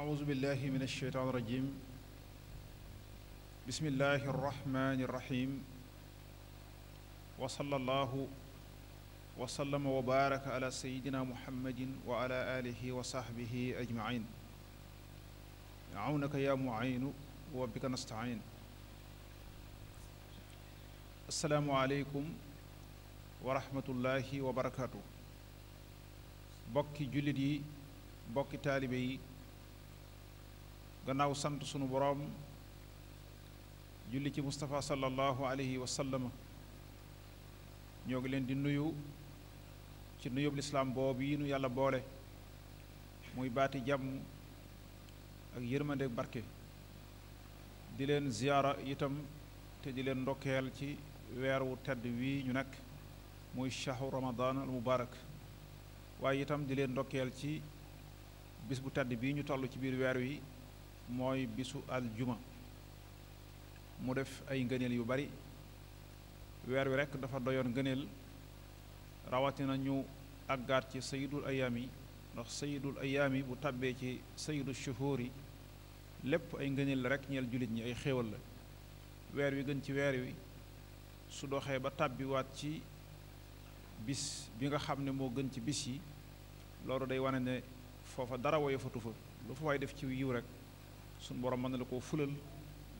أعوذ بالله من الشيطان الرجيم بسم الله الرحمن الرحيم وصلى الله وسلم وبارك على سيدنا محمد وعلى آله وصحبه أجمعين عونك يا معين وبك نستعين السلام عليكم ورحمة الله وبركاته bokki jullit yi bokki taalibe yi gannaaw sant sunu boroom julli ci Moustapha sallallahu alayhi wa sallam ñoo ngi leen di nuyu ci nuyub lislaam boobu yi nu yàlla boole muy baati jàmm ak yërmande barke di leen ziyaara itam te di leen ndokkeel ci weer wu tedd wii ñu nekk muy shahru ramadan al mubaarak waaye itam di leen ndokkeel ci bis bu tedd bii ñu toll ci biir weer wi mooy bisu aljuma mu def ay ngëneel yu bari weer wi rekk dafa doyoon ngëneel rawatina ñu àggaat ci sayidul ayaam yi ndox sayidul ayaam yi bu tàbbee ci sayidu shuhur yi lépp ay ngëneel la rekk ñeel jullit ñi ay xéewal la weer wi gën ci weer wi su doxee ba tàbbiwaat ci bis bi nga xam ne moo gën ci bis yi loolu day wane ne foofa dara woyofatu fa lu fa waay def ci yiw rekk suñu borom mën na la koo fulal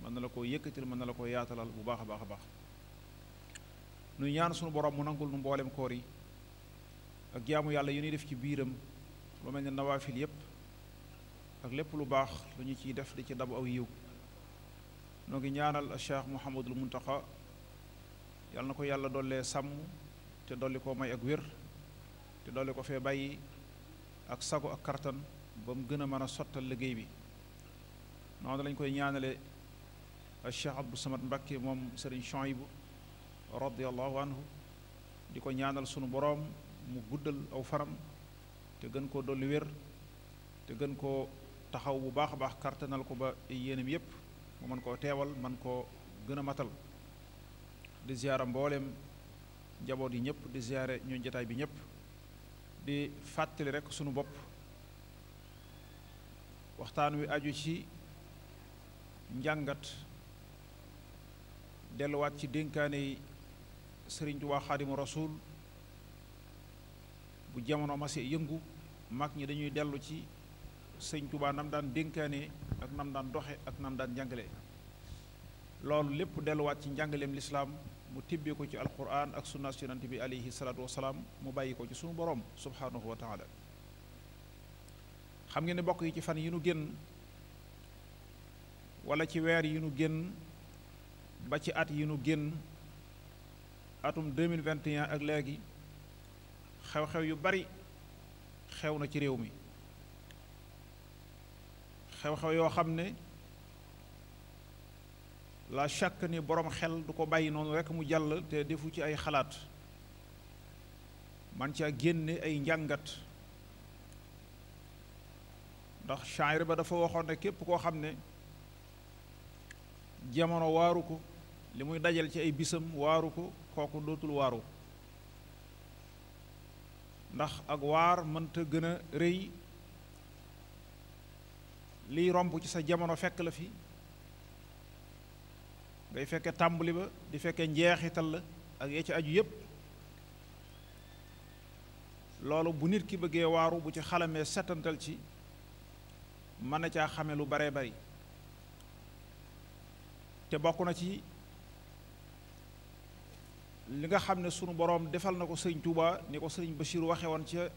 mën na la koo yëkkatil mën na la koo yaatalal bu baax a baax a baax nu ñaan suñu borom mu nangul nu mboolem koor yi ak jaamu yàlla yu def ci biiram lu mel ne nawaafil yépp ak lépp lu baax lu ñu ciy def di ci dabu aw yiw noo ngi ñaanal Cheikh Mouhamadul Muntaxa yàlla na ko yàlla dollee sàmm te dolli koo may ak wér te dolli ko fee bàyyi ak sago ak kartan ba mu gën a mën a sottal liggéey bi noonu lañ koy ñaanale Cheikh Abdou Samad Mbakke moom Serigne bu radiallahu anhu di ko ñaanal sunu boroom mu guddal aw faram te gën koo dolli wér te gën koo taxaw bu baax a baax kartanal ko ba yéenam yépp mu mën koo teewal man koo gën a matal di ziyaara mbooleem njaboot yi ñëpp di ziyaare ñu jataay bi ñëpp di fàttali rekk sunu bopp waxtaan wi aju ci njàngat delluwaat ci dénkaane yi sëriñ Tuubaa xaadimu rasuul bu jamono mase yëngu mag ñi dañuy dellu ci sëñ Tuubaa nam daan dénkaane ak nam daan doxe ak nam daan jàngale loolu lépp delluwaat ci njàngaleem lislaam mu tibbee ko ci alquran ak sunna su yonante bi aleyhi salaatu wasalaam mu bàyyi ko ci suñu boroom subhaanahu wa xam ngeen ne bokk yi ci fan yi nu génn wala ci weer yi nu génn ba ci at yi nu génn atum 2021 ak léegi xew-xew yu bari xew na ci réew mi xew-xew yoo xam ne la chaque ni boroom xel du ko bàyyi noonu rekk mu jàll te defu ci ay xalaat man caa génne ay njàngat ndax shaayir ba dafa waxoon ne képp koo xam ne jamono waaru ko li muy dajal ci ay bisam waaru ko kooku dootul waaru ndax ak waar mënta gën a rëy liy romb ci sa jamono fekk la fi ngay fekke tàmbali ba di fekke njeexital la ak yee ci aju yépp loolu bu nit ki bëggee waaru bu ci xalamee setantal ci mën na caa xame lu baree bari te bokk na ci li nga xam ne sunu boroom defal na ko sëriñ Touba ni ko sëriñ Bachir waxe woon ca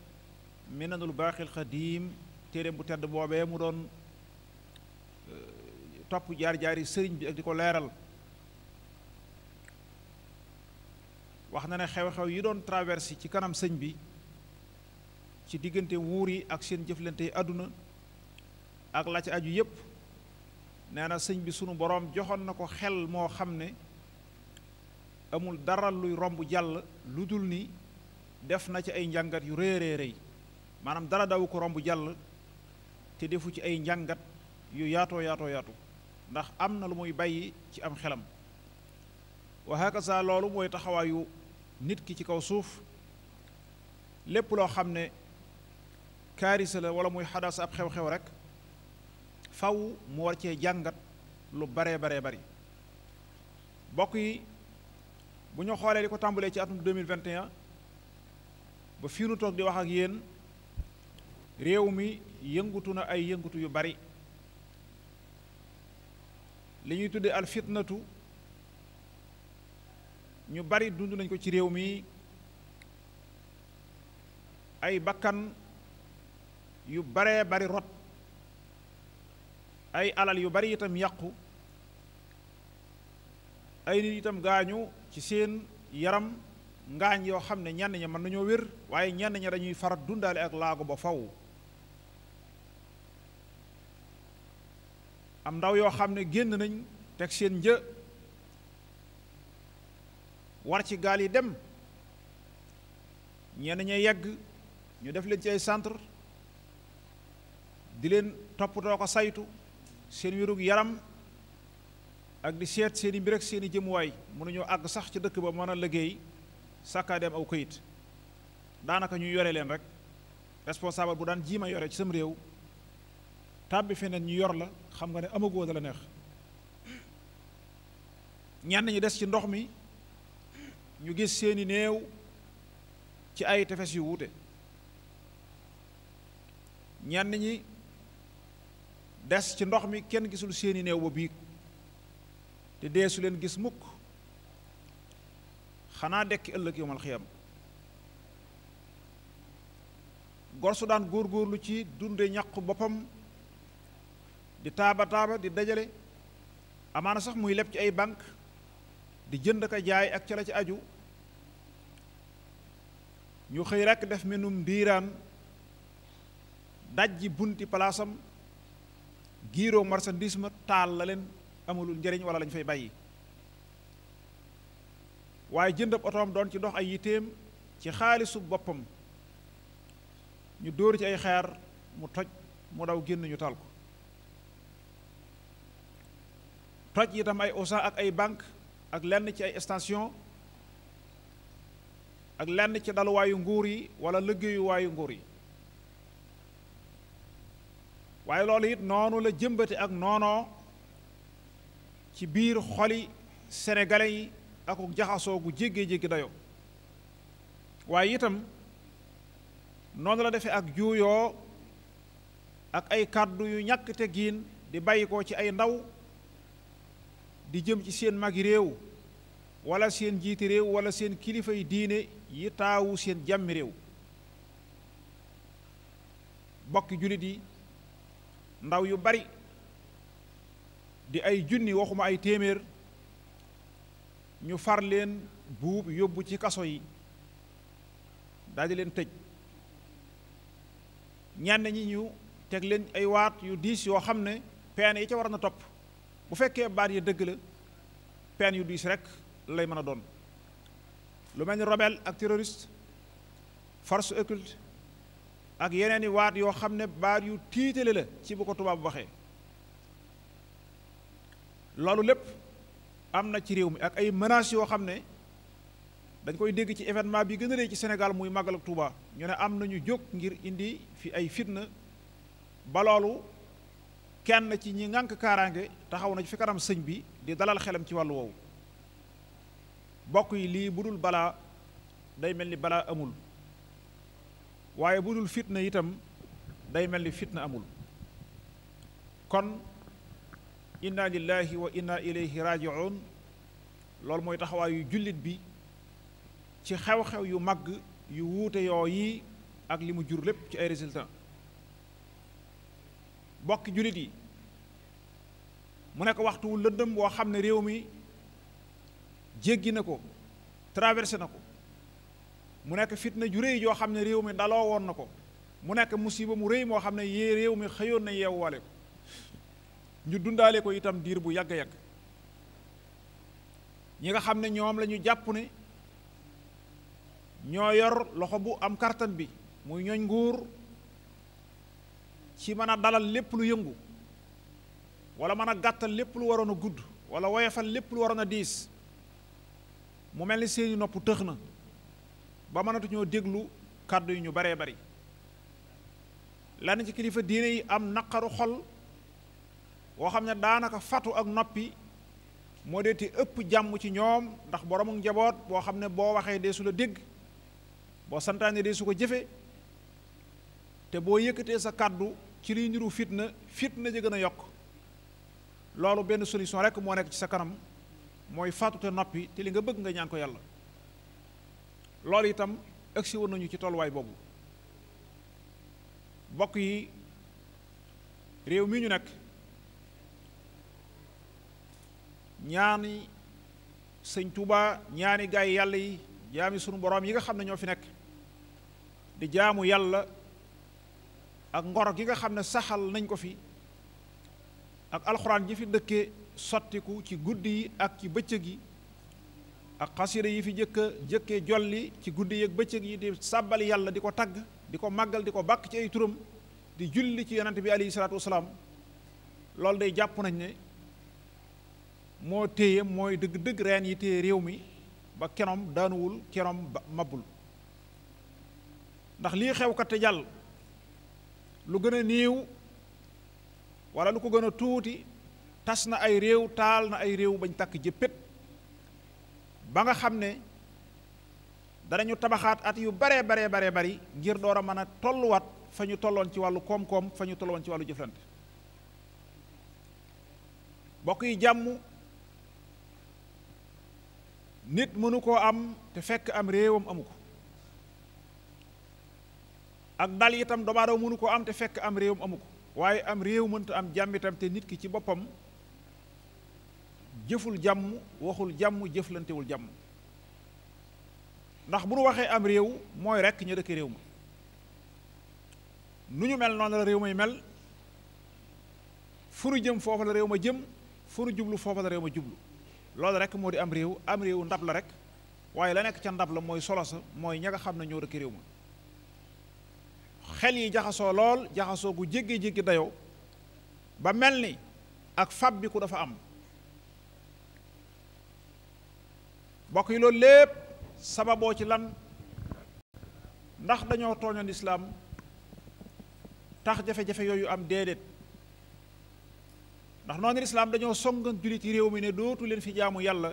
Minanul Baaxil Xadiim téeréem bu tedd boobee mu doon euh, topp jaar-jaari sëriñ bi ak di ko leeral wax na ne xew-xew yi doon traversé ci kanam sëñ bi ci diggante wuur yi ak seen jëflante àdduna ak la aju yépp nee na sëñ bi sunu boroom joxoon na ko xel moo xam ne amul dara luy romb jàll lu dul nii def na ci ay njàngat yu rëy rëy rëy maanaam dara daw ko romb jàll te defu ci ay njàngat yu yaatoo yaatoo yaatu ndax am na lu muy bàyyi ci am xelam wa saa loolu mooy taxawaayu nit ki ci kaw suuf lépp loo xam ne kaarisa la wala muy xadaasa ab xew-xew rek faw mu war cee jàngat lu baree baree bari bokk yi bu ñu xoolee li ko tàmbalee ci atum 2021 ba fii nu toog di wax ak yéen réew mi yëngutu na ay yëngutu yu bari li ñuy tuddee al fitnatu ñu bari dund nañ ko ci réew mi ay bakkan yu baree bari rot ay alal yu bari itam yàqu ay nit itam gaañu ci seen yaram ngaañ yoo xam ne ñenn ña mën nañoo wér waaye ñenn ña dañuy farat dundaale ak laago ba faw am ndaw yoo xam ne génn nañ teg seen një war ci gaal yi dem ñenn ña yegg ñu def leen ci ay centre di leen toppatoo ko saytu seen wérug yaram ak di seet bi rek seeni ak seen i jëmuwaay mënuñoo àgg sax ci dëkk ba mën a liggéey sàkkaa dem aw këyit daanaka ñu yore leen rek responsable bu daan jiima yore ci sam réew tàbbi feneen ñu yor la xam nga ne amagoo da la neex ñenn ñi des ci ndox mi ñu gis seeni néew ci ay tefes yu wuute ñenn ñi des ci ndox mi kenn gisul seeni néew ba biig te dee su leen gis mukk xanaa dekki ëllëg yomal xiyam gor su góor góorgóorlu ci dunde ñaqu boppam di taaba taaba di dajale amaana sax muy leb ci ay bànk di jënd ka jaay ak ca la ci aju ñu xëy rekk def menum ndiiraan dajji bunti palaasam giiroo marchandise ma taal la leen amalul njëriñ wala lañ fay bàyyi waaye jënd ab otoom doon ci dox ay yiteem ci xaalisu boppam ñu dóor ci ay xeer mu toj mu daw génn ñu taal ko toj itam ay osa ak ay banque ak lenn ci ay station ak lenn ci daluwaayu nguur yi wala liggéeyuwaayu nguur yi waaye loolu it noonu la jëmbate ak noonoo ci biir xoli sénégalais yi ak jaxasoo gu jéggee-jéggi dayo waaye itam noonu la defe ak juuyoo ak ay kàddu yu ñàkk teggin di bàyyi ko ci ay ndaw di jëm ci seen magi réew wala seen jiiti réew wala seen kilifa diine yi taawu seen jàmmi réew bokki jullit yi ndaw yu bari di ay junni waxuma ay téeméer ñu far leen buub yóbbu ci kaso yi daldi leen tëj ñenn ñi ñu teg leen ay waat yu diis yoo xam ne pen yi ca war na topp bu fekkee baat yi dëgg la peine yu diis rek lay mën a doon lu mel ni rebelle ak terroriste force occulte ak yeneen i waat yoo xam ne baat yu tiitale la ci bu ko tubaab waxe loolu lépp am na ci réew mi ak ay menaces yoo xam ne dañ koy dégg ci événement bi gën a rëy ci senegal muy màggal ak Touba ñu ne am nañu jóg ngir indi fi ay fitna ba loolu kenn ci ñi ŋànk kaaraange taxaw na fi kanam sëñ bi di dalal xelam ci wàllu woowu bokk yi lii budul balaa day mel ni balaa amul waaye bu dul fitna itam day mel ni fitna amul kon inna lillahi wa inna ilayhi rajiun loolu mooy taxawaayu jullit bi ci xew-xew yu mag yu wuute yoo yi ak li mu jur lépp ci ay résultant bokki jullit yi mu nekk waxtu wu lëndëm xam ne réew mi jéggi na ko traversé na ko mu nekk fitna ju rëy joo xam ne réew mi daloo woon na ko mu nekk musiba mu rëy moo xam ne yee réew mi xëyoon na yeewwale ko ñu dundaale ko itam diir bu yàgg-yàgg ñi nga xam ne ñoom la jàpp ne ñoo yor loxo bu am kartan bi muy ñooñ nguur ci mën a dalal lépp lu yëngu wala mën a gàttal lépp lu waroon a gudd wala woyefal lépp lu waroon a diis mu mel ni seeni noppu tëx na ba mënatuñoo déglu kàddu yu ñu baree bari lenn ci kilifa diine yi am naqaru xol woo xam ne daanaka fatu ak noppi moo dee te ëpp jàmm ci ñoom ndax boroomu njaboot boo xam ne boo waxee dee su la dégg boo santaane dee su ko jëfe te boo yëkkatee sa kàddu ci liy niru fitna fitna ja gën a yokk loolu benn solution rekk moo nekk ci sa kanam mooy fatu te noppi te li nga bëgg nga ñaan ko yàlla loolu itam agsi nañu ci tolluwaay boobu bokk yi réew mi ñu nekk ñaani sëñ Touba ñaani gaay yàlla yi jaami sunu boroom yi nga xam ne ñoo fi nekk di jaamu yàlla ak ngor gi nga xam ne saxal nañ ko fi ak alxuraan ji fi dëkke sottiku ci guddi yi ak ci bëccëg yi ak yi fi jëkk a jëkkee jolli ci guddi yeeg bëccëg yi di sàbbal yàlla di ko tagg di ko màggal di ko bàkk ci ay turam di julli ci yonante bi alayhi salaatu wasalaam loolu jàpp nañ ne moo téye mooy dëgg-dëgg reen yi téye réew mi ba kenom daanuwul kenom mabbul ndax lii xew kat te jàll lu gën a néew wala lu ko gën a tuuti tas na ay réew taal na ay réew bañ takk jëppét ba nga xam ne danañu tabaxaat at yu baree baree baree bari ngir door a mën a tolluwaat fa ñu tolloon ci wàllu koom-koom fa ñu tolloon ci wàllu jëflante bokk yi jàmm nit mënu koo am te fekk am réewam amu ko ak dal itam dobaadoo mënu koo am te fekk am réewam amu ko waaye am réew mënta am jàmm te nit ki ci boppam jëful jàmm waxul jàmm jëflantewul jàmm ndax bu nu waxee am réew mooy rekk ñu dëkk réew ma nu ñu mel noonu la réew may mel fu nu jëm foofa la réew ma jëm fu nu jublu foofa la réew ma jublu loolu rekk moo di am réew am réew ndab la rekk waaye la nekk ca ndab la mooy solo sa mooy ña xam ne ñoo dëkk réew ma xel yi jaxasoo lool jaxasoo ku jéggi jéggi dayo ba mel ni ak fab ku dafa am bokk yi loolu lépp sababoo ci lan ndax dañoo tooñoon lislaam tax jafe-jafe yooyu am déedéet ndax noonu lislaam dañoo songan jullit yi réew mi ne dootu leen fi jaamu yàlla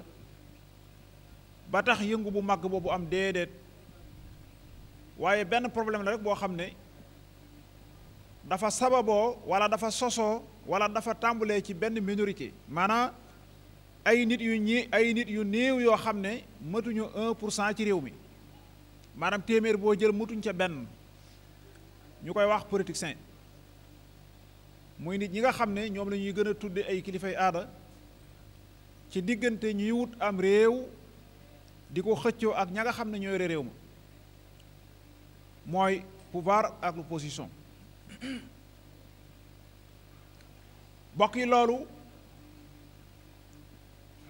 ba tax yëngu bu màgg boobu am déedéet waaye benn problème la rek boo xam ne dafa sababoo walla dafa sosoo wala dafa tàmbulee ci benn minorité maanaam ay nit yu ñi ay nit yu néew yoo xam ne matuñu pour cent ci réew mi maanaam téeméer boo jël matuñ ca benn ñu koy wax politicien muy nit ñi nga xam ne ñoom lañuy ñuy gën a tudde ay kilifay aada ci diggante ñuy wut am réew di ko xëccoo ak ña nga xam ne ñoo yore ma mooy pouvoir ak l'opposition bokk yi loolu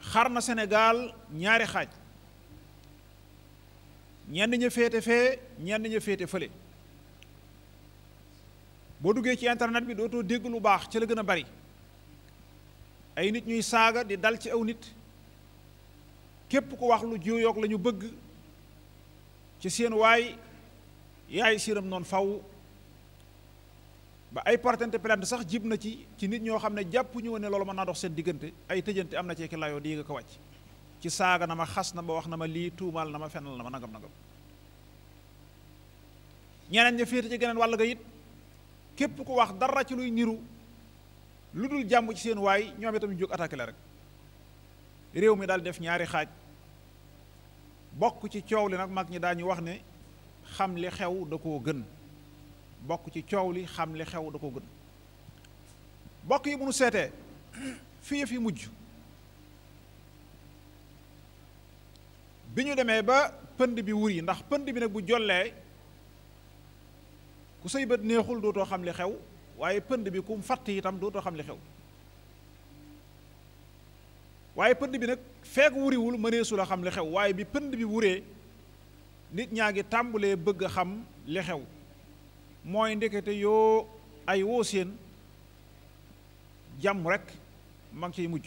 xar na senegaal ñaari xaaj ñenn ña féete fee ñenn ña féete fële boo duggee ci internet bi dootoo dégg lu baax ci la gën a bari ay nit ñuy saaga di dal ci aw nit képp ko wax lu jiyoog la ñu bëgg ci seen waay yaay siiram noonu faw ba ay portante plainte sax jib na ci ci nit ñoo xam ne jàpp ñu woon ne loolu mën naa dox seen diggante ay tëjante am na ci ki layoo di nga ko wàcc ci saaga na ma xas na ma wax na ma lii tuumaal na ma fenal na ma nangam nangam ñeneen ña féete ci geneen wàll ga it képp ko wax dara ci luy niru lu dul jàmb ci seen waay ñoom itam ñu jóg attaqué rek réew mi daal def ñaari xaaj bokk ci coow li nag mag ñi daañu wax ne xam li xew da koo gën bokk ci coow li xam li xew da ko gën bokk yi bu nu seetee fii fi mujj bi ñu demee ba pënd bi wur ndax pënd bi nag bu jollee ku say bët neexul dootoo xam li xew waaye pënd bi ku mu fatt itam xam li xew waaye pënd bi nag feek wuriwul mëneesu la xam li xew waaye bi pënd bi wuree nit ñaa ngi tàmbulee bëgg a xam li xew mooy ndekete yoo ay woo seen jàmm rek ma ngi mujj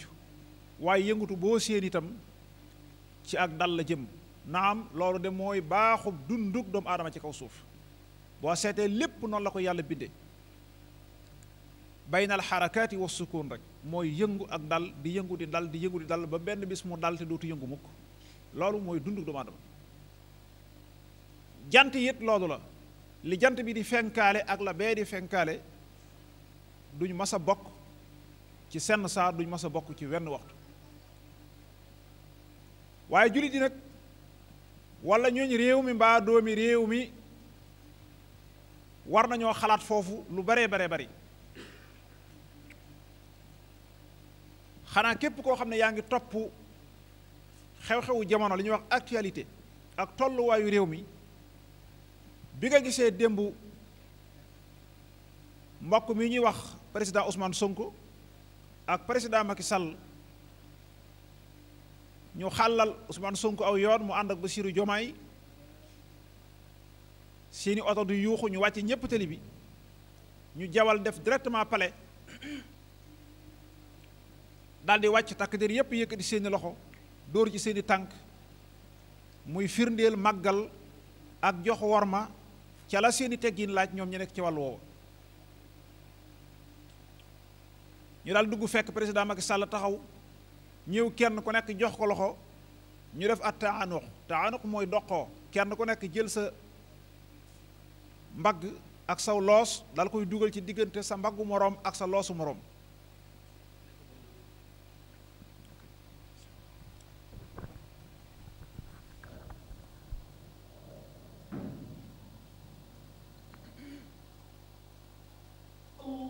waaye yëngatu boo seen itam ci ak dal la jëm naam loolu de mooy baaxu dundug doomu aadama ci kaw suuf boo seetee lépp noonu la ko yàlla bindee baynal xarakaati wa sukuun rek mooy yëngu ak dal di yëngu di dal di yëngu di dàll ba benn bis mu dàll te dootu yëngu mukk loolu mooy dundug doomu aadama jant yit loolu la li jant bi di fenkaale ak la bee di fenkaale duñ mas a bokk ci senn saa duñ mas a bokk ci wenn waxtu waaye jullit yi nag wala ñooñ réew mi mbaa doomi réew mi war nañoo xalaat foofu lu baree bare bari xanaa képp koo xam ne yaa ngi topp xew-xewu jamono li ñuy wax actualité ak tolluwaayu réew mi bi nga gisee démb mbokk mi ñuy wax président Ousmane Sonko ak président Macky sal ñu xàllal Ousmane Sonko aw yoon mu ànd ak Bassirou Diomaye seeni oto du yuuxu ñu wàcc ñépp tali bi ñu jawal def directement palais daal di wàcc takk der yépp yëkkati seeni loxo dóor ci seeni tànk muy firndeel màggal ak jox worma ca seeni teggiin laaj ñoom ñu nekk ci wàllu woowu ñu daal dugg fekk président Macky Sall taxaw ñëw kenn ku nekk jox ko loxo ñu def at taanux taanux mooy doqoo kenn ku nekk jël sa mbagg ak saw loos dal koy dugal ci diggante sa mbaggu moroom ak sa loosu moroom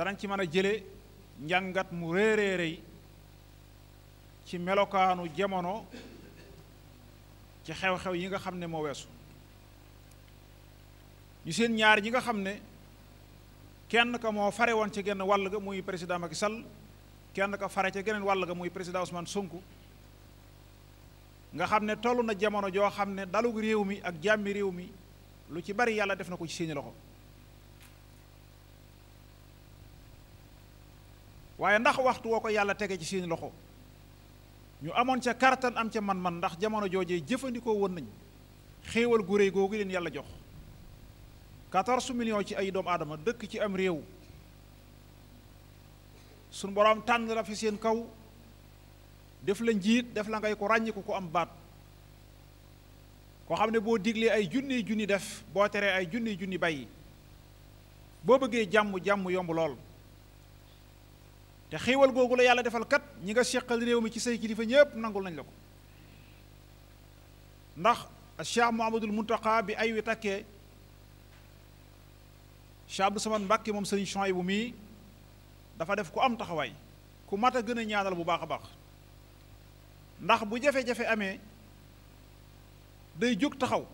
danañ ci mën a jële njàngat mu réer rëy ci melokaanu jamono ci xew-xew yi nga xam ne moo weesu ñu seen ñaar ñi nga xam ne kenn ka moo fare woon ci genn wall ga muy président Macky sal kenn ka fare ca geneen wàll ga muy président Ousmane sunk nga xam ne toll na jamono joo xam ne dalug réew mi ak jàmbi réew mi lu ci bari yàlla def na ko ci seeni loxo waaye ndax waxtu woo ko yàlla tege ci seen loxo ñu amoon ca kartan am ca man-man ndax jamono joojee jëfandikoo woon nañ xéewal gu réy googu leen yàlla jox 14 millions ci ay doom aadama dëkk ci am réew suñ boroom tànn la fi seen kaw def la njiit def la ngay ko ràññiku ko am baat koo xam ne boo diglee ay junniy junni def boo teree ay junniy junni bàyyi boo bëggee jàmm jàmm yomb lool te xiiwal googu la yàlla defal kat ñi nga seqal réew mi ci say kilifa ñëpp nangul nañ la ko ndax Cheikh Mouhamadul Muntaqa bi ay wi takkee Cheikh Abdou Samad Mbàkke moom sëriñ Chouaïbou mii dafa def ku am taxawaay ku mat a gën a ñaanal bu baax a baax ndax bu jafe-jafe amee day jóg taxaw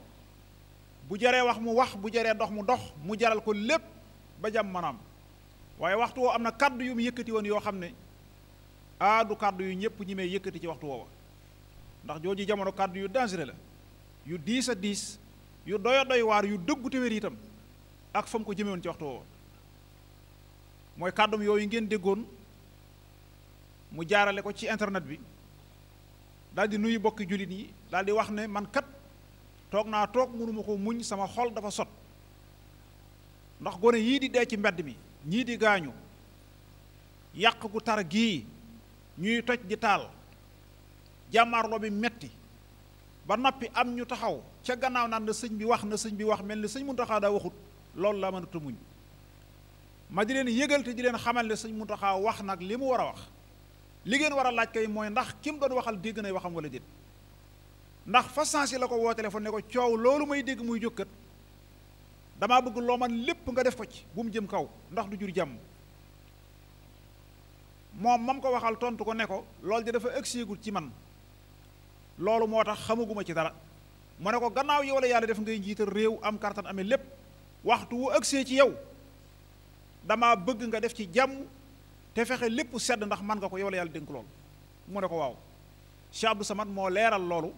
bu jaree wax mu wax bu jaree ndox mu ndox mu jaral ko lépp ba jàmm maanaam waaye waxtu woo am na kàddu yu mu yëkkati woon yoo xam ne aadu ah, kàddu yu ñëpp ñi may yëkkati ci waxtu woowa ndax jooju jamono kàddu yu dangereux la yu diis a diis yu doya a doy waar yu dëggu te wér itam ak fa mu ko jëme woon ci waxtu woowa mooy kàddum yooyu ngeen déggoon mu jaarale ko ci internet bi daal di nuyu bokki jullit yi daal di wax ne man kat toog naa toog mënuma ko muñ sama xol dafa sot ndax gone yii di dee ci mbedd mi ñii di gaañu yàq gu tar gii ñuy toj di taal jàmmaarloo bi metti ba noppi am ñu taxaw ca gannaaw naan na sëñ bi wax na sëñ bi wax mel ni sëñ Muntaxa daa waxut loolu la mënatu muñ ma di leen yëgal te di leen xamal ne sëñ Muntaxa wax nag li mu war a wax li ngeen war a laaj kay mooy ndax kim doon waxal dégg nay waxam wala déet ndax fa sens yi la ko woo téléphone ne ko coow loolu may dégg muy jókkat damaa bëgg loo man lépp nga def ko ci bu mu jëm kaw ndax du jur jàmm moom mam ko waxal tontu ko ne ko loolu di dafa ëgseegul ci man loolu moo tax xamaguma ci dara mu ne ko gannaaw yow la yàlla def ngay njiital réew am kartan amee lépp waxtu wu ëgsee ci yow dama bëgg nga def ci jàmm te fexe lépp sedd ndax man nga ko yow la yàlla dénk loolu mu ne ko waaw Cheikh sa man moo leeral loolu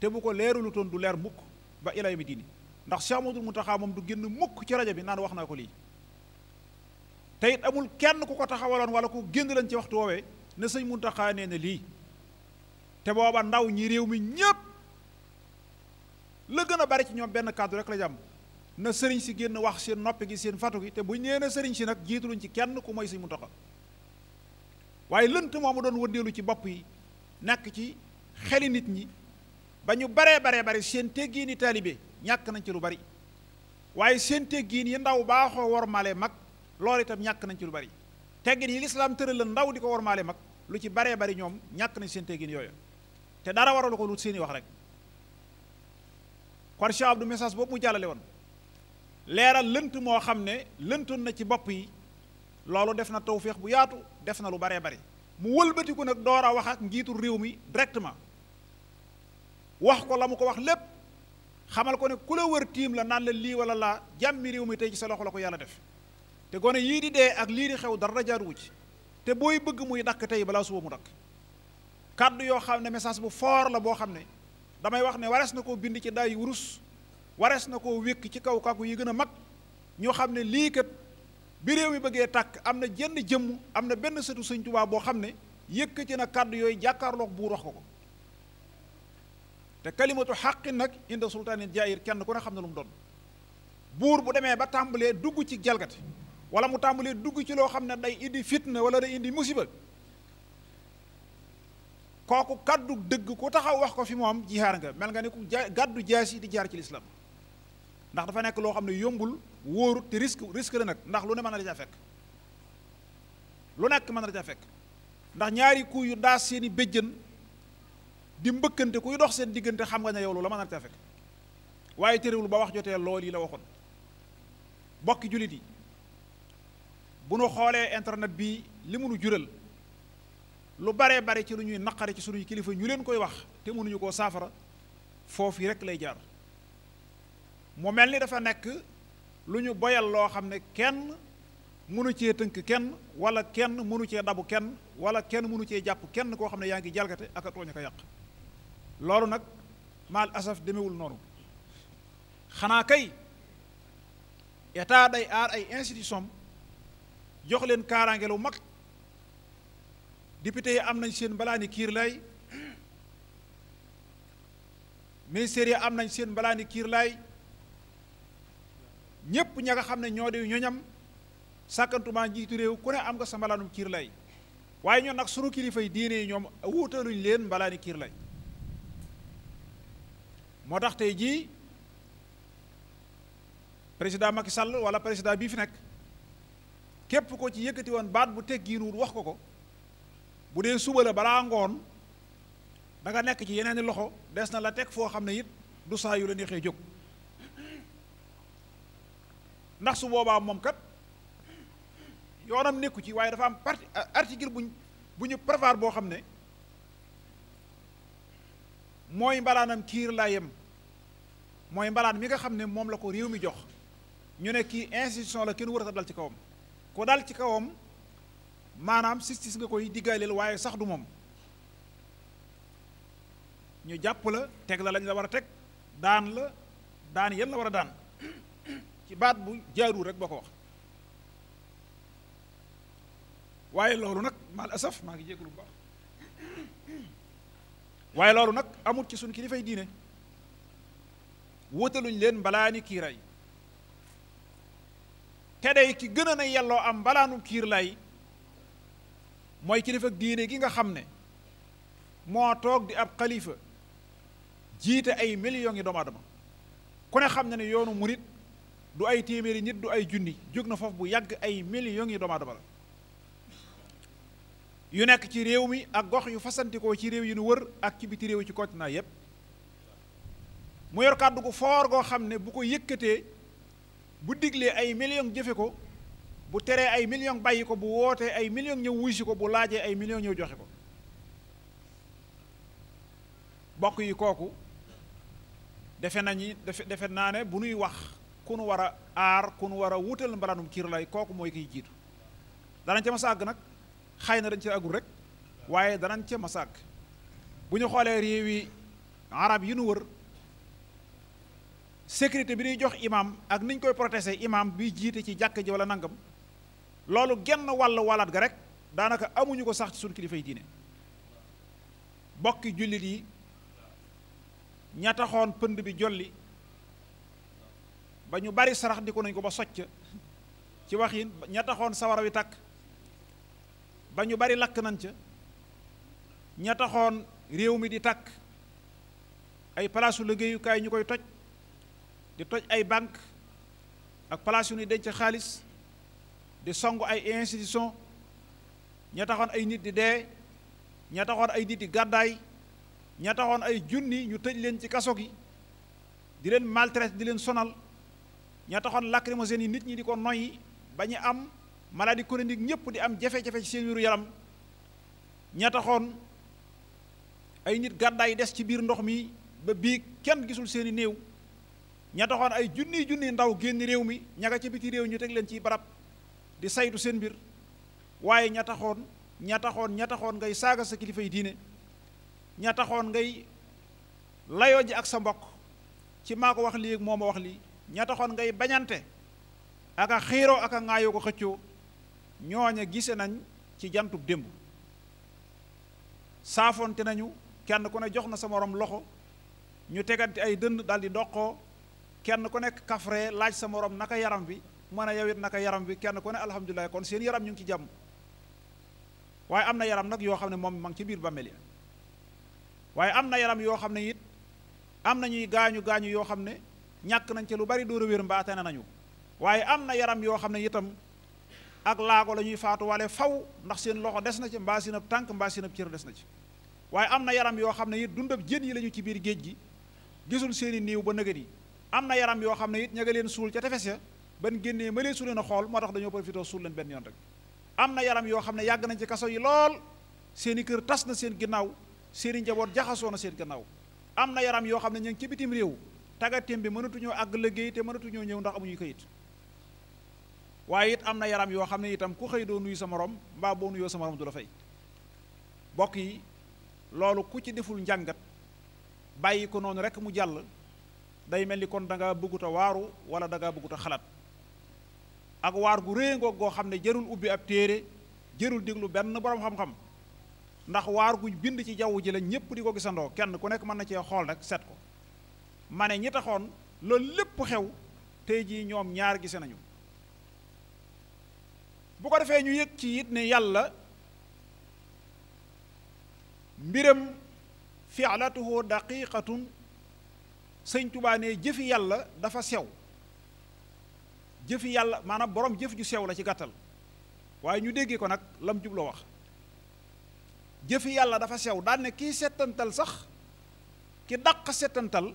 te bu ko leerulu toon du leer mukk ba ilaa yawmi diini ndax Cheikh Amadou Mountakha moom du génn mukk ci rajo bi naan wax naa ko lii te amul kenn ku ko taxawaloon walla ku génn leen ci waxtu woowee na sëñ Mountakha nee na lii te booba ndaw ñi réew mi ñépp la gën a bari ci ñoom benn kàddu rek la jàmm na sëriñ si génn wax seen noppi gi seen fatu gi te bu nee na sëriñ si nag jiituluñ ci kenn ku mooy sëñ Mountakha waaye lënt moomu doon wëndeelu ci bopp yi nekk ci xeli nit ñi ba ñu baree baree bari seen teggiini ñàkk nañ ci lu bari waaye seen teggiin yi ndaw baaxoo wormaale mag loolu itam ñàkk nañ ci lu bari teggin yi lislaam tëral la ndaw di ko wormaale mag lu ci baree bari ñoom ñàkk nañ seen teggiin yooyu te dara waralu ko lu seeni wax rek kon Cheikh Abdou message boobu mu jàllale woon leeral lënt moo xam ne lëntoon na ci bopp yi loolu def na tawféex bu yaatu def na lu baree bari mu wëlbatiku nag door a wax ak njiitu réew mi directement wax ko la mu ko wax lépp xamal ko ne ku la wër tiim la naan la lii wala laa jàmmi réew mi tey ci sa loxo la ko yàlla def te gone yii di dee ak lii di xew dara jaaruwu ci te booy bëgg muy dakk tey balaa suba mu dakk kàddu yoo xam ne message bu fort la boo xam ne damay wax ne warees na koo bind ci daay wurus warees na koo wékk ci kaw kàggu yi gën a mag ñoo xam ne lii kat bi réew mi bëggee tàkk am na jenn jëmm am na benn sëtu sëñ Tuubaa boo xam ne yëkkati na kàddu yooyu jàkkaarloog buur wax ko te kalimatu xaqin nag inda sultaanin jaayir kenn ku ne xam ne lu mu doon buur bu demee ba tàmbalee dugg ci jalgati wala mu tàmbalee dugg ci loo xam ne day indi fitna wala day indi musiba kooku kaddu dëgg ku taxaw wax ko fi moom jihaar nga mel nga ni ku ja gàddu jaas di jaar ci lislaam ndax dafa nekk loo xam ne yombul wóorut te risque risque la nag ndax lu ne mën na la caa fekk lu nekk mën na la caa fekk ndax ñaari ku yu daas seeni béjjën di mbëkkante kuy dox seen diggante xam nga ne yow lu la mën a caa fekk waaye terewul ba wax jotee lool yi la waxoon bokki jullit yi bu nu xoolee internet bi li mu nu lu baree bare ci lu ñuy naqare ci sunuy kilifa ñu leen koy wax te mënuñu koo saafara foofu rek lay jaar mu mel ni dafa nekk lu ñu boyal loo xam ne kenn mënu cee tënk kenn wala kenn mënu cee dabu kenn wala kenn mënu cee jàpp kenn koo xam ne yaa ngi jalgate ak a tooñ ak loolu nag maal asaf demewul noonu xanaa kay état day aar ay institution jox leen kaaraange lu mag député yi am nañ seen balaa kiir lay ministère yi am nañ seen balaa ni kiir lay ñépp ña nga xam ne ñoo di ñoñam sàkkantumaa njiitu réew ku ne am nga sama mbalaanum kiir lay waaye ñoom nag sunu kilifa yi diine yi ñoom wuutaluñ leen mbalaani kiir lay moo tax tey jii président Macky Sall wala président bii fi nekk képp ko ci yëkkati woon baat bu teg teggiinuwul wax ko ko bu dee suba la balaa ngoon da nga nekk ci yeneen loxo des na la teg foo xam ne it du saa yu la neexee jóg ndax su boobaa moom kat yoonam nekku ci waaye dafa am parti article buñ bu ñu prévoir boo xam ne mooy mbalaanam kiir laa yem mooy mbalaan mi nga xam ne moom la ko réew mi jox ñu ne kii institution la kenn warata dal ci kawam ku dal ci kawam maanaam justice nga koy diggaaleel waaye sax du moom ñu jàpp la teg la lañ la war a teg daan la daan yan la war a daan ci baat bu jaarul rek boo ko wax waaye loolu nag mal asaf maa ngi jégalu bu baax waaye loolu nag amut ci suñ kilifay diine wóotaluñ leen mbalaani kiiray te day ki gën a na yelloo am mbalaanu kiir lay mooy kilifa diine gi nga xam ne moo toog di ab xalifa jiite ay millions yi doomu ku ne xam ne ne yoonu murit du ay téeméeri nit du ay junni jóg na foofu bu yàgg ay millions yi doomu la yu nekk ci réew mi ak gox yu fasantikoo ci réew yi nu wër ak ci biti réew ci continent yépp mu yor kàddu ko foor goo xam ne bu ko yëkkatee bu diglee ay million jëfe ko bu teree ay millions bàyyi ko bu wootee ay million ñëw wuy ko bu laajee ay millions ñëw joxe ko bokk yi kooku defe nañu defe defe naa ne bu nuy wax ku nu war a aar ku nu war a wutal mbalaanum kiir lay kooku mooy kiy jiitu danañ ca masa àgg nag xëy na dañ ca àggul rek waaye danañ ca masa àgg bu ñu xoolee réewi arab yi nu wër sécurité bi nuy jox imam ak niñ koy protéger imam bi jiite ci jàkk ji wala nangam loolu genn wàll walaat ga rek daanaka amuñu ko sax ci suñu kilifay diine bokki jullit yi ña taxoon pënd bi jolli ba ñu bari sarax di ko nañ ko ba socc ci waxin ña taxoon sawara wi takk ba ñu bari lakk nañ ca ña taxoon réew mi di takk ay palaasu liggéeyukaay ñu koy toj di toj ay banque ak place yu ñuy denc xaalis di song ay institution ña taxoon ay nit di dee ña taxoon ay nit di gàddaay ña taxoon ay junni ñu tëj leen ci kaso gi di leen maltraité di leen sonal ña taxoon lacrymogène yi nit ñi di ko noyyi ba ñu am maladie chronique ñëpp di am jafe-jafe ci seen wéru yaram ña taxoon ay nit gàddaay des ci biir ndox mi ba bii kenn gisul seeni néew ña taxoon ay junniy junniy ndaw génn réew mi ña nga ci biti réew ñu teg leen ciy barab di saytu seen mbir waaye ña taxoon ña taxoon ña taxoon ngay saaga sa kilifa yi diine ña taxoon ngay layoo ji ak sa mbokk ci maa ko wax lii moo ma wax lii ña taxoon ngay bañante ak a xiiroo ak a ko xëccoo ñooña gise nañ ci jantub démb saafoonte nañu kenn ku ne jox na sa morom loxo ñu tegante ay dënn daal di doqoo kenn ku nekk kafre laaj sa morom naka yaram bi mën a yow it naka yaram bi kenn ku ne alhamdulilah kon seen yaram ñu ngi ci jàmm waaye am na yaram nag yoo xam ne moom ma ngi ci biir bàmmeel waaye am na yaram yoo xam ne it am na gaañu gaañu yoo xam ne ñàkk nañ ci lu bari dóor wér mbaa nañu waaye am na yaram yoo xam ne itam ak laago lañuy faatu faatuwale faw ndax seen loxo des na ci mbaa seen ab tànk mbaa seen ab cër des na ci waaye am na yaram yoo xam ne it dundab jën yi lañu ci biir géej gi gisul seen niiw ba nëgët yi am na yaram yoo xam ne it ña leen suul ca tefes ya ban génnee ma leen suulee na xool moo tax dañoo profité suul leen benn yoon rek am na yaram yoo xam ne yàgg nañ ci kaso yi lool seeni kër tas na seen ginnaaw seen i njaboot jaxasoo na seen ginnaaw am na yaram yoo xam ne ñu ngi ci bitim réew tàggatem bi mënatu mënatuñoo àgg liggéey te mënatuñoo ñëw ndax amuñu kayit waaye it am na yaram yoo xam ne itam ku xëy doo nuyu sa morom mbaa boo nuyoo sa morom du yi loolu ku ci deful njàngat bàyyi ko noonu rek mu jàll day mel ni kon danga ngaa waaru wala da ngaa bëggut xalaat ak waar gu rëy ngoog goo xam ne jërul ubbi ak téere jërul diglu benn boroom xam-xam ndax waar gu bind ci jaww ji la ñépp di ko gisandoo kenn ku nekk mën na cee xool rek seet ko ma ne ñi taxoon loolu lépp xew tey jii ñoom ñaar gise nañu bu ko defee ñu yëg ci it ne yàlla mbiram fi'latuhu daqiqatun sëñ Tuubaa ne jëfi yàlla dafa sew jëfi yàlla maanaam borom jëf ju sew la ci gàttal waaye ñu déggee ko nag lam jubloo wax jëfi yàlla dafa sew daan ne kii setantal sax ki dàq settantal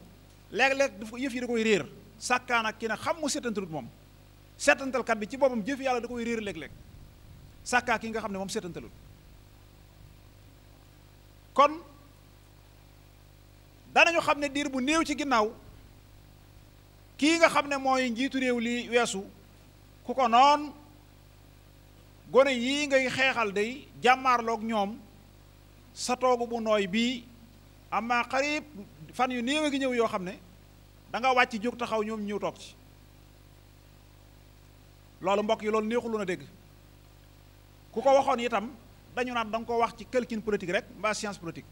léeg-léeg daf ko yëf yi da koy réer sàkkaan ak ki ne xam mu settantalut moom settantalkat bi ci boppam jëfi yàlla da koy réer léeg sàkkaa ki nga xam ne moom settantalut kon danañu xam ne diir bu néew ci ginnaaw kii nga xam ne mooy njiitu réew li weesu ku ko noon gone yii ngay xeexal day jàmmaarloog ñoom sa toogu bu nooy bii amma xarib fan yu néew a ngi ñëw yoo xam ne da nga wàcc jóg taxaw ñoom ñëw toog ci loolu mbokk yi loolu neexul na dégg ku ko waxoon itam dañu naan da nga ko wax ci quelqu'un politique rek mbaa science politique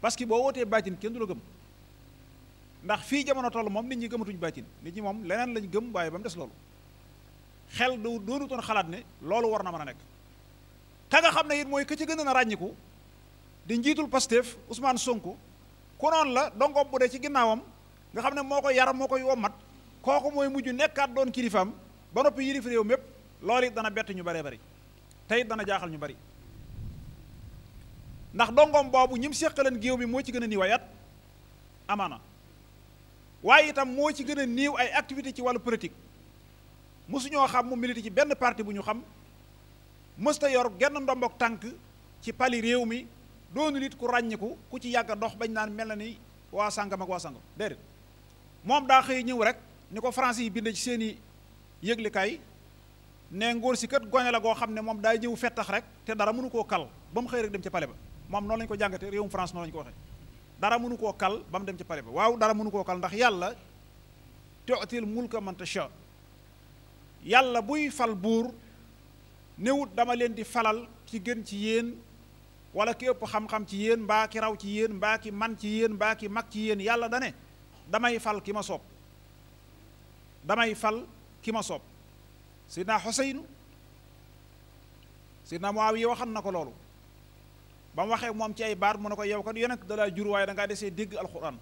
parce boo wootee baatin kenn du la gëm ndax fii jamono toll moom nit ñi gëmatuñu baatin nit ñi moom leneen lañ gëm waaye ba mu des loolu xel du doonutoon xalaat ne loolu war na mën a nekk ka nga xam ne it mooy ka ci gën a ràññiku di njiitul Pastef Ousmane Sonko ku noonu la dongoom bu dee ci ginnaawam nga xam ne moo ko yaram moo koy wommat kooku mooy mujj nekkaat doon kilifaam ba noppi yilif réew mépp lool it dana bett ñu baree bari tey dana jaaxal ñu bari ndax dongoom boobu ñim séqaleen géew bi moo ci gën a niiwaayat amaana waaye itam moo ci gën niiw ay activité ci wàllu politique mosuñoo xam mu milité ci benn parti bu ñu xam mësta yor genn ndombook tànk ci pali réew mi doonu nit ku ràññiku ku ci yàgg a dox bañ naan mel na ni waa sàngam ak waa sàngam déedéet moom daa xëy ñëw rek ni ko français yi bind ci seen i yëglikaay ne ngóor si kat gone la goo xam ne moom daay ñëw fettax rek te dara mënu koo kal ba mu xëy rek dem ca pale ba moom noonu lañu ko jàngate réewum France noonu ko dara mënu koo kal ba mu dem ci pare ba waaw dara mënu koo kal ndax yàlla tu'til mulka man tasha yàlla buy fal buur newut dama leen di falal ci gën ci yéen wala ki ëpp xam-xam ci yéen mbaa ki raw ci yéen mbaa ki man ci yéen mbaa ki mag ci yéen yàlla dane damay fal ki ma soob damay fal ki ma soob si naa sidna xuseynu sidna muawiya waxan na ko loolu ba mu waxee moom ci ay baat mu ne ko yow kat yonent dalaa jur waaye da ngaa desee dégg alxuraan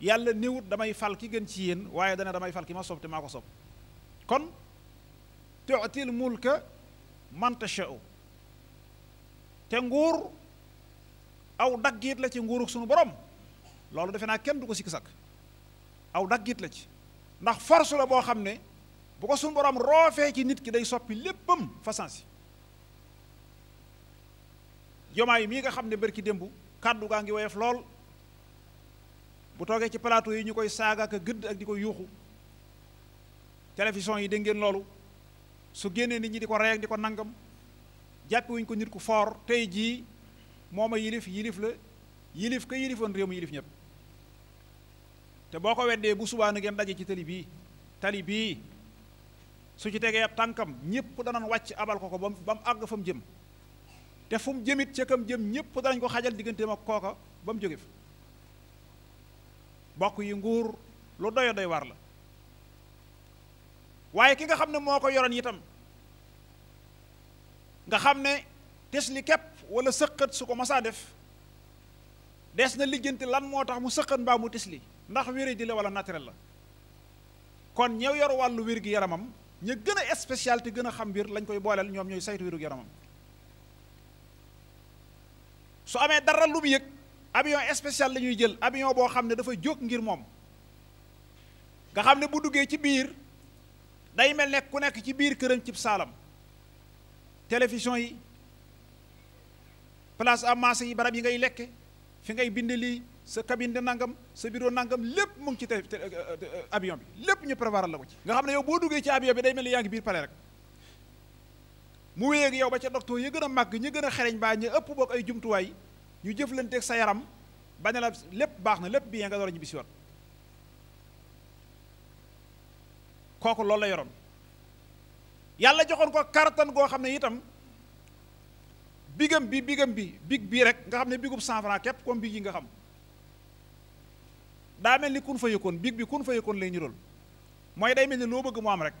yàlla néewut damay fal ki gën ci yéen waaye dana damay fal ki ma sob te maa ko sob kon tu'til mulka man tasha'u te nguur aw daggit la ci nguuruk sunu borom loolu defe naa kenn du ko sikki sakk aw daggit la ci ndax force la boo xam ne bu ko sunu borom roofee ci nit ki day soppi léppam façon si jomaay mii nga xam ne bërki démb kàddu gaa ngi woyof lool bu toogee ci palaato yi ñu koy saaga ak gëdd ak di ko yuuxu télévision yi dégg ngeen loolu su génnee nit ñi di ko rey ak di ko nangam jàppe wuñ ko nit ku foor tey jii mooma yilif yilif la yilif ka yilifoon réew mu yilif ñëpp te boo ko weddee bu subaa na ngeen daje ci tali bii tali bii su ci tegee ab tànkam ñëpp danañ wàcc abal ko ko ba mu àgg fa mu jëm te fu mu jëmit ca kam jëm ñëpp danañ ko xajal digganteem ak kooka ba mu jóge fa bokk yi nguur lu doyo doy war la waaye ki nga xam ne moo ko yoroon itam nga xam ne tes li képp wala sëqat su ko masaa def des na liggante lan moo tax mu sëqat mbaa mu tes li ndax wére di la wala naturel la kon ñëw yor wàllu wér gi yaramam ña gën a spécialité gën a xam mbir lañ koy booleel ñoom ñooy saytu wéru yaramam su amee dara lu yég yëg avion spécial la jël avion boo xam ne dafa jóg ngir moom nga xam ne bu duggee ci biir day mel nekk ku nekk ci biir këram cib saalam télévision yi place à masse yi barab yi ngay lekke fi ngay bind lii sa cabine de nangam sa bureau nangam lépp mu ngi ci avion bi lépp ñu préparer la ko ci nga xam ne yow boo duggee ci avion bi day mel ni yaa ngi biir pale rek mu wéyeeg yow ba ca docteur yi gën a màgg ñi gën a xereñ baa ñu ëpp boog ay jumtuwaay ñu jëflanteeg sa yaram ba la lépp baax na lépp bien nga door a ñibbi si wat kooku loolu la yoroon yàlla joxoon ko kartan goo xam ne itam bigam bi bigam bi big bii rek nga xam ne bigub cent franc képp comme big yi nga xam daa mel ni kun fa yëkkoon big bi kun fa yëkkoon lay nirool mooy day mel ni loo bëgg mu am rek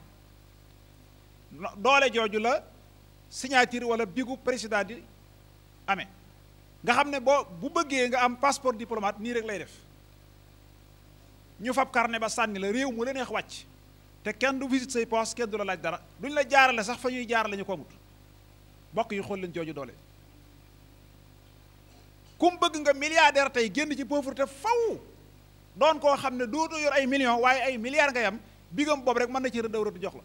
doole jooju la signature wala bigu président di ame nga xam ne boo bu bëggee nga am passeport diplomate nii rek lay def ñu fab carnet ba sànni la réew mu la neex wàcc te kenn du visite say poste kenn du la laaj dara duñu la jaarale sax fa ñuy jaarale ñu ko amut bokk yu xool leen jooju doole kum bëgg nga milliardaire tey génn ci pauvreté faw doon koo xam ne doo doo yor ay million waaye ay milliards ngay am bigam boobu rek mën na ci rëddaw rëddu jox la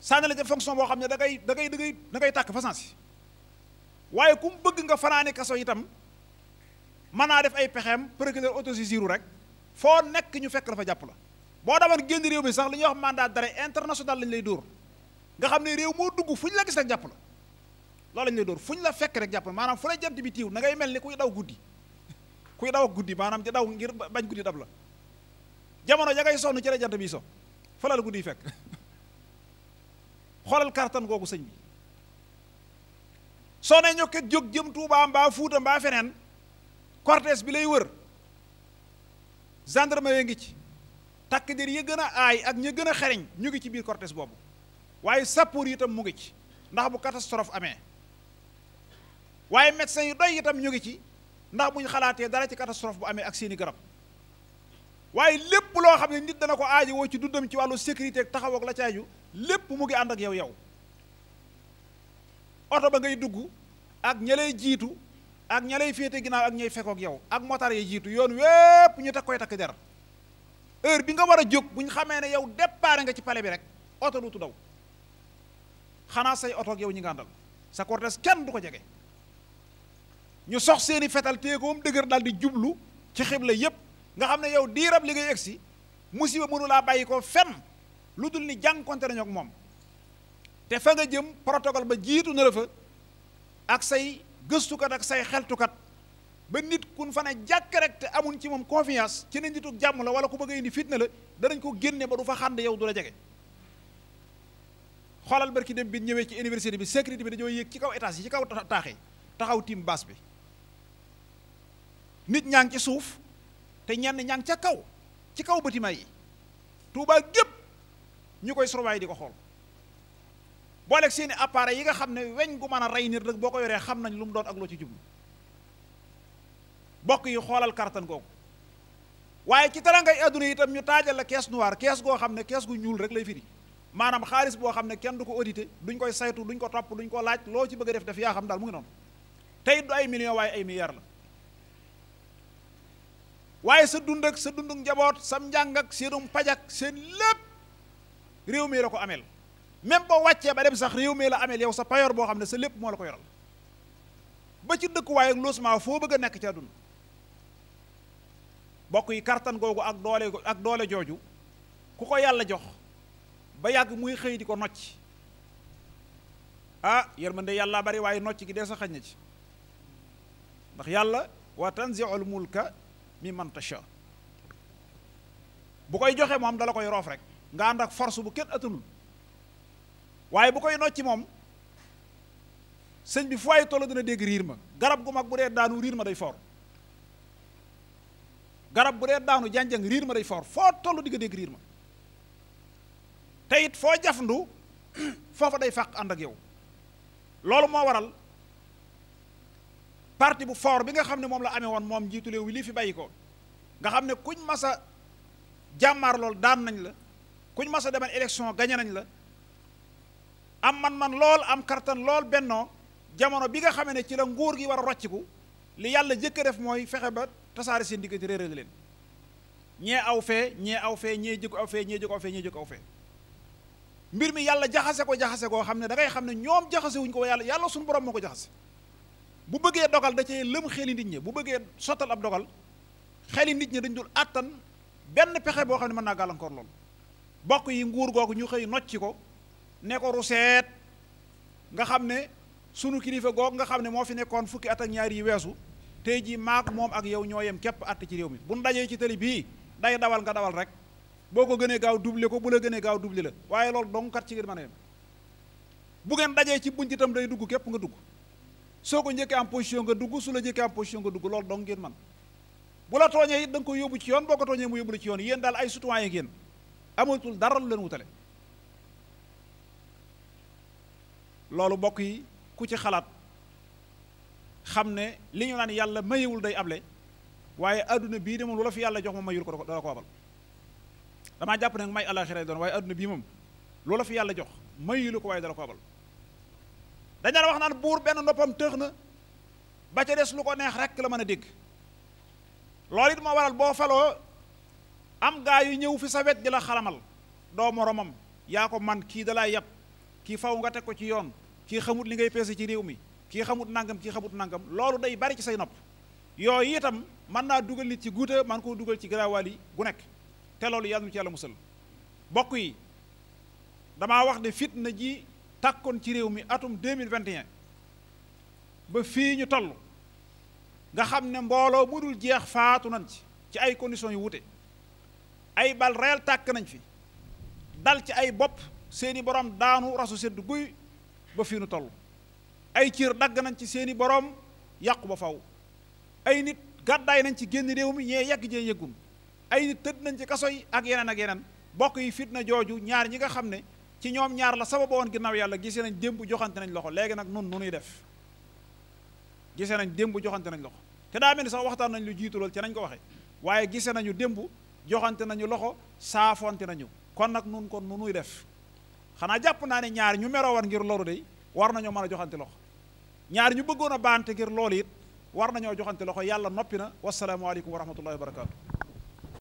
sànni la ca fonction boo xam ne da ngay da ngay da ngay tàkk fa waaye ku mu bëgg nga fanaane kaso itam mën naa def ay pexeem procureur autosaisiru rek foo nekk ñu fekk la fa jàpp la boo demoon génn réew mi sax li ñuy wax mandat d'arrêt international lañ lay dóor nga xam ne réew moo dugg fu ñu la gis rek jàpp la loolu lañ lay dóor fu ñu la fekk rek jàpp maanaam fu la jant bi tiiw na mel ni kuy daw guddi kuy daw ak guddi maanaam di daw ngir bañ guddi dab la jamono ja ngay sonn ci la jant bi la guddi fekk xoolal kartan googu sëñ bi soo ne ñokket jóg jëm Touba mbaa Fuuta mbaa feneen cortège bi lay wër gendarmerie ngi ci takk der ya gën a aay ak ña gën a xereñ ñu ngi ci biir cortège boobu waaye sappoor yi itam mu ngi ci ndax mu catastrophe amee waaye médecin yu doy itam ñu ngi ci ndax bu ñu xalaatee dara ci catastrophe bu amee ak seeni garab waaye lépp loo xam ne nit dana ko aajowoo ci dundam ci wàllu sécurité taxaw ak la caaju lépp mu ngi ànd ak yow yow oto ba ngay dugg ak ña lay jiitu ak ña lay féete ginnaaw ak ñay fekkook yow ak motar ya jiitu yoon wépp ñu takk koy takk der heure bi nga war a jóg bu ñu xamee ne yow départ nga ci pale bi rek oto du daw xanaa say oto ak yow ñi nga àndal sa cortège kenn du ko jege ñu sox seeni fetal téekoom dëgër daal di jublu ci xibla yépp nga xam ne yow diirab li ngay egsi musiba mënulaa bàyyi ko fenn lu dul ni jànkonte nañu moom te fa nga jëm protocole ba jiitu na la fa ak say gëstukat ak say xeltukat ba nit kun fa ne jàkk rek te amuñ ci moom confiance ci ne nitu jàmm la wala ku bëgg a indi fitna la danañ ko génne ba du fa xànd yow du la jege xoolal barki dem bi ñëwee ci université bi sécurité bi dañoo yéeg ci kaw étage yi ci kaw taax yi taxaw tiim baas bi nit ñaa ngi ci suuf te ñenn ñaa ca kaw ci kaw bâtiment yi Touba gépp ñu koy surveiller di ko xool booleeg seeni appareil yi nga xam ne weñ gu mën a rey nit rek boo ko yoree xam nañ lu mu doon ak loo ci jublu bokk yi xoolal kartan googu waaye ci tarangay adduna tam ñu taajal la caisse noire caisse goo xam ne caisse gu ñuul rek lay firi maanaam xaalis boo xam ne kenn du ko audité duñ koy saytu duñ ko topp duñ ko laaj loo ci bëgg a def def yaa xam daal mu ngi noonu tey du ay millions waaye ay milliards la waaye sa dund ak sa dunduk njaboot sam njàngak ak seenum seen lépp réew mi la ko ameel même boo wàccee ba dem sax réew mi la ameel yow sa payoor boo xam ne sa lépp moo la ko yoral ba ci dëkkuwaay ak logement foo bëgg a nekk ca dund bokk yi kartan googu ak doole ak doole jooju ku ko yàlla jox ba yàgg muy xëy di ko nocc ah yërmande yàlla bari waaye nocc gi dee sa xañ na ci ndax yàlla wa tanziul mulka mi man tasha bu koy joxe moom dala koy roof rek nga ànd ak force bu kenn atanul waaye bu koy nocci moom sëñ bi fu waay toll dina dégg riir ma garab gu mag bu dee daanu riir ma day foor garab bu dee daanu jànjang riir ma day foor foo toll di nga dégg riir ma te it foo jafandu foofa day fàq ànd ak yow loolu moo waral parti bu fort bi nga xam ne moom la amee woon moom njiitu réew wi lii fi bàyyi ko nga xam ne kuñ masa jàmmaar lool daan nañ la kuñ mas a demal élection gañe nañ la am man-man lool am kartan lool bennoo jamono bi nga xamee ne ci la nguur gi war a rocciku li yàlla jëkk def mooy fexe ba tasaare seen diggante réeral leen ñee aw fee ñee aw fee ñee jëkk aw fee ñee jëkk aw fee ñee jëkk aw fee mbir mi yàlla jaxase ko jaxase koo xam ne da xam ne ñoom jaxase wuñ ko yàlla yàlla suñu borom moo ko jaxase bu bëggee dogal da cee lëm xeli nit ñi bu bëggee sottal ab dogal xeli nit ñi dañ dul àttan benn pexe boo xam ne mën naa gàllankoor lool bokk yi nguur googu ñu xëy nocci ko ne ko ruseet nga xam ne sunu kilifa googu nga xam ne moo fi nekkoon fukki at ñaar yi weesu tey ji maak moom ak yow ñoo yem képp att ci réew mi bu nu dajee ci tali bii day dawal nga dawal rek boo ko gënee gaaw double ko bu la gënee gaaw double la waaye loolu dong kat ci ngeen mën a yem bu ngeen dajee ci bunt day dugg képp nga dugg soo ko njëkkee am position nga dugg su la njëkkee am position nga dugg loolu dong ngeen man bu la tooñee danga koy yóbbu ci yoon boo ko tooñee mu yóbbu la ci yoon yéen daal ay citoyen yi ngeen amatul dara lu leen wutale loolu bokk yi ku ci xalaat xam ne li ñu naan yàlla mayewul day able waaye adduna bii de moom lu la fi yàlla jox moom ko dala ko abal damaa jàpp ne may alaxira doon waaye adduna bii moom lu la jox mayilu ko waaye dala ko abal dañ daan wax naan buur benn noppam tëx na ba ca des lu ko neex rek la mën a dégg loolu it moo waral boo faloo am gaa yu ñëw fi sa wet di la xalamal doo moromam yaa ko man kii dalaa yab kii faw nga teg ko ci yoon kii xamut li ngay peese ci réew mi kii xamut nangam kii xamut nangam loolu day bari ci say nopp yooyu itam mën naa dugal nit ci guuta man koo dugal ci garaawaal yi gu nekk te loolu yàlla nu ci yàlla musal bokk yi damaa wax ne fitna ji tàkkoon ci réew mi atum deux mille vingt et ba fii ñu toll nga xam ne mbooloo mu dul jeex faatu nañ ci ci ay conditions yu wute ay bal réel tàkk nañ fi dal ci ay bopp seeni borom daanu rasu sedd guy ba fii ñu toll ay ciir dagg nañ ci seeni boroom yàqu ba faw ay nit gàddaay nañ ci génn réew mi ñee yàgg jee yëggum ay nit tëdd nañ ci kaso yi ak yeneen ak yeneen bokk yi fitna jooju ñaar ñi nga xam ne ci ñoom ñaar la sababa woon ginnaaw yàlla gisee nañ démb joxante nañ loxo léegi nag nun nu nuy def gisee nañ démb joxante nañ loxo te daa mel ni sax waxtaan nañ lu jiitu lool ci nañ ko waxee waaye gisee nañu démb joxante nañu loxo saafonte nañu kon nag nun kon nu nuy def xanaa jàpp naa ne ñaar ñu meroo war ngir loru de war nañoo mën a joxante loxo ñaar ñu bëggoon a baante ngir loolu it war nañoo joxante loxo yàlla noppi na wasalaamualeykum wa rahmatullahi wa